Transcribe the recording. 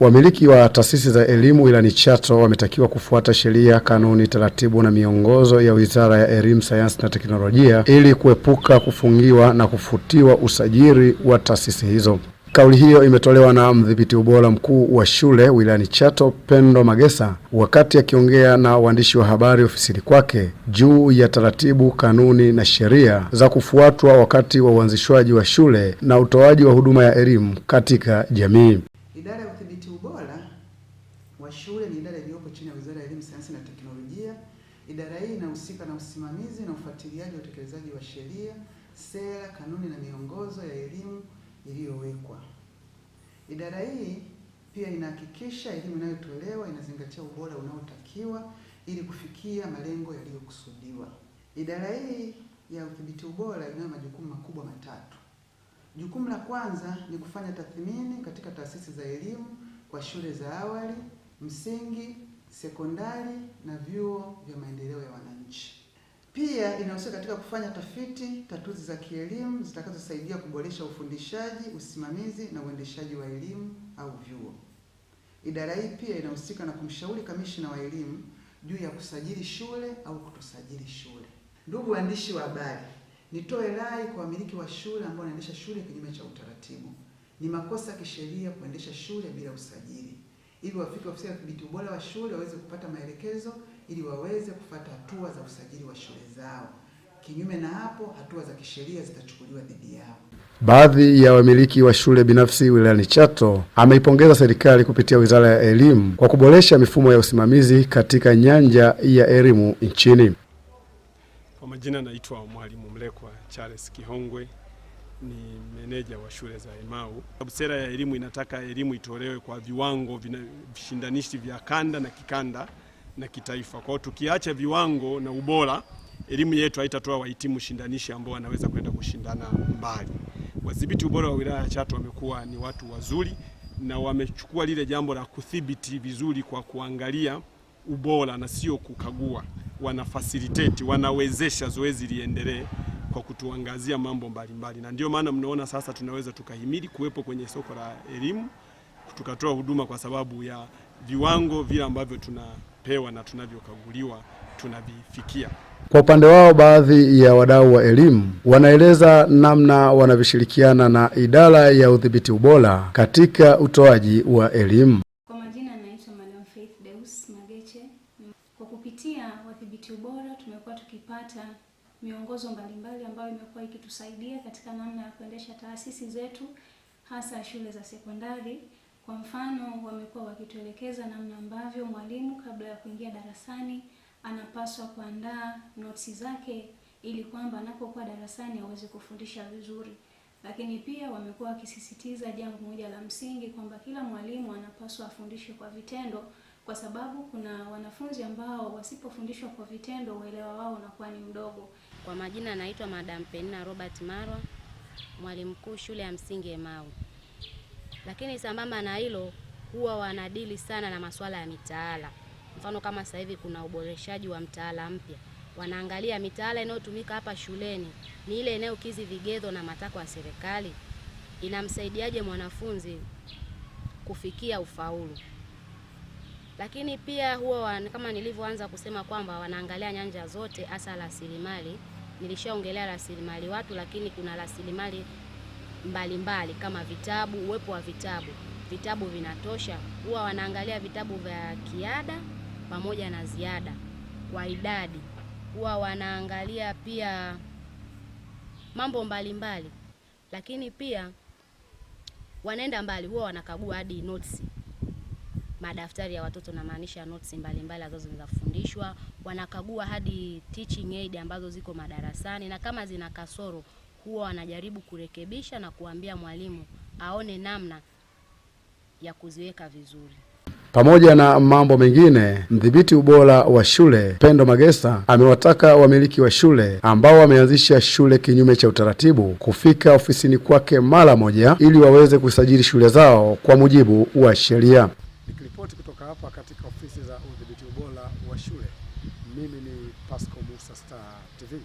Wamiliki wa taasisi za elimu wilayani Chato wametakiwa kufuata sheria, kanuni, taratibu na miongozo ya Wizara ya Elimu, Sayansi na Teknolojia ili kuepuka kufungiwa na kufutiwa usajili wa taasisi hizo. Kauli hiyo imetolewa na mdhibiti ubora mkuu wa shule wilayani Chato, Pendo Magesa, wakati akiongea na waandishi wa habari ofisini kwake juu ya taratibu, kanuni na sheria za kufuatwa wakati wa uanzishwaji wa shule na utoaji wa huduma ya elimu katika jamii wa shule ni idara iliyopo chini ya Wizara ya Elimu, Sayansi na Teknolojia. Idara hii inahusika na usimamizi na ufuatiliaji wa utekelezaji wa sheria, sera, kanuni na miongozo ya elimu iliyowekwa. Idara hii pia inahakikisha elimu inayotolewa inazingatia ubora unaotakiwa ili kufikia malengo yaliyokusudiwa. Idara hii ya udhibiti ubora inayo majukumu makubwa matatu. Jukumu la kwanza ni kufanya tathmini katika taasisi za elimu kwa shule za awali msingi, sekondari na vyuo vya maendeleo ya wananchi. Pia inahusika katika kufanya tafiti, tatuzi za kielimu zitakazosaidia kuboresha ufundishaji, usimamizi na uendeshaji wa elimu au vyuo. Idara hii pia inahusika na kumshauri kamishina wa elimu juu ya kusajili shule au kutosajili shule. Ndugu waandishi wa habari, nitoe rai kwa wamiliki wa shule ambao wanaendesha shule kinyume cha utaratibu. Ni makosa ya kisheria kuendesha shule bila usajili ili wafike ofisi ya udhibiti ubora wa shule waweze kupata maelekezo ili waweze kufata hatua za usajili wa shule zao. Kinyume na hapo, hatua za kisheria zitachukuliwa dhidi yao. Baadhi ya wamiliki wa shule binafsi wilayani Chato ameipongeza serikali kupitia Wizara ya Elimu kwa kuboresha mifumo ya usimamizi katika nyanja ya elimu nchini. Kwa majina, naitwa Mwalimu Mlekwa Charles Kihongwe ni meneja wa shule za Emau. Sera ya elimu inataka elimu itolewe kwa viwango vishindanishi vya kanda na kikanda na kitaifa. Kwa tukiacha viwango na ubora, elimu yetu haitatoa wahitimu shindanishi ambao wanaweza kwenda kushindana mbali. Wadhibiti ubora wa wilaya ya Chato wamekuwa ni watu wazuri na wamechukua lile jambo la kudhibiti vizuri kwa kuangalia ubora na sio kukagua. Wanafasilitate, wanawezesha zoezi liendelee kwa kutuangazia mambo mbalimbali, na ndio maana mnaona sasa tunaweza tukahimili kuwepo kwenye soko la elimu, tukatoa huduma kwa sababu ya viwango vile ambavyo tunapewa na tunavyokaguliwa tunavifikia. Kwa upande wao, baadhi ya wadau wa elimu wanaeleza namna wanavyoshirikiana na idara ya udhibiti ubora katika utoaji wa elimu. Kwa majina, naitwa Madam Faith Deus Mageche. Kwa kupitia wadhibiti ubora tumekuwa tukipata miongozo mbalimbali ambayo imekuwa ikitusaidia katika namna ya kuendesha taasisi zetu hasa shule za sekondari. Kwa mfano, wamekuwa wakituelekeza namna ambavyo mwalimu kabla ya kuingia darasani anapaswa kuandaa notisi zake ili kwamba anapokuwa darasani aweze kufundisha vizuri. Lakini pia wamekuwa wakisisitiza jambo moja la msingi kwamba kila mwalimu anapaswa afundishe kwa vitendo kwa sababu kuna wanafunzi ambao wasipofundishwa kwa vitendo uelewa wao unakuwa ni mdogo. Kwa majina anaitwa Madam Penina Robert Marwa, mwalimu mkuu shule ya msingi Emau. Lakini sambamba na hilo, huwa wanadili sana na masuala ya mitaala. Mfano kama sasa hivi kuna uboreshaji wa mtaala mpya, wanaangalia mitaala inayotumika hapa shuleni ni ile inayokidhi vigezo na matakwa ya serikali, inamsaidiaje mwanafunzi kufikia ufaulu. Lakini pia huwa kama nilivyoanza kusema kwamba wanaangalia nyanja zote, hasa rasilimali. Nilishaongelea rasilimali watu, lakini kuna rasilimali mbalimbali kama vitabu, uwepo wa vitabu. Vitabu vinatosha, huwa wanaangalia vitabu vya kiada pamoja na ziada kwa idadi. Huwa wanaangalia pia mambo mbalimbali mbali. Lakini pia wanaenda mbali, huwa wanakagua hadi notes madaftari ya watoto, namaanisha notes mbalimbali ambazo zinafundishwa. Wanakagua hadi teaching aid ambazo ziko madarasani, na kama zina kasoro huwa wanajaribu kurekebisha na kuambia mwalimu aone namna ya kuziweka vizuri. Pamoja na mambo mengine, mdhibiti ubora wa shule Pendo Magesa amewataka wamiliki wa shule ambao wameanzisha shule kinyume cha utaratibu kufika ofisini kwake mara moja ili waweze kusajili shule zao kwa mujibu wa sheria hapa katika ofisi za udhibiti ubora wa shule. Mimi ni pasco Musa Star TV.